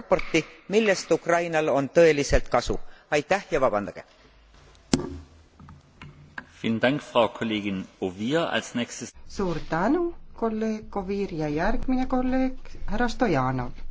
raporti millest ukrainal on tõeliselt kasu. aitäh ja vabandage! suur tänu kolleeg ovir ja järgmine kolleeg härra stoyanov!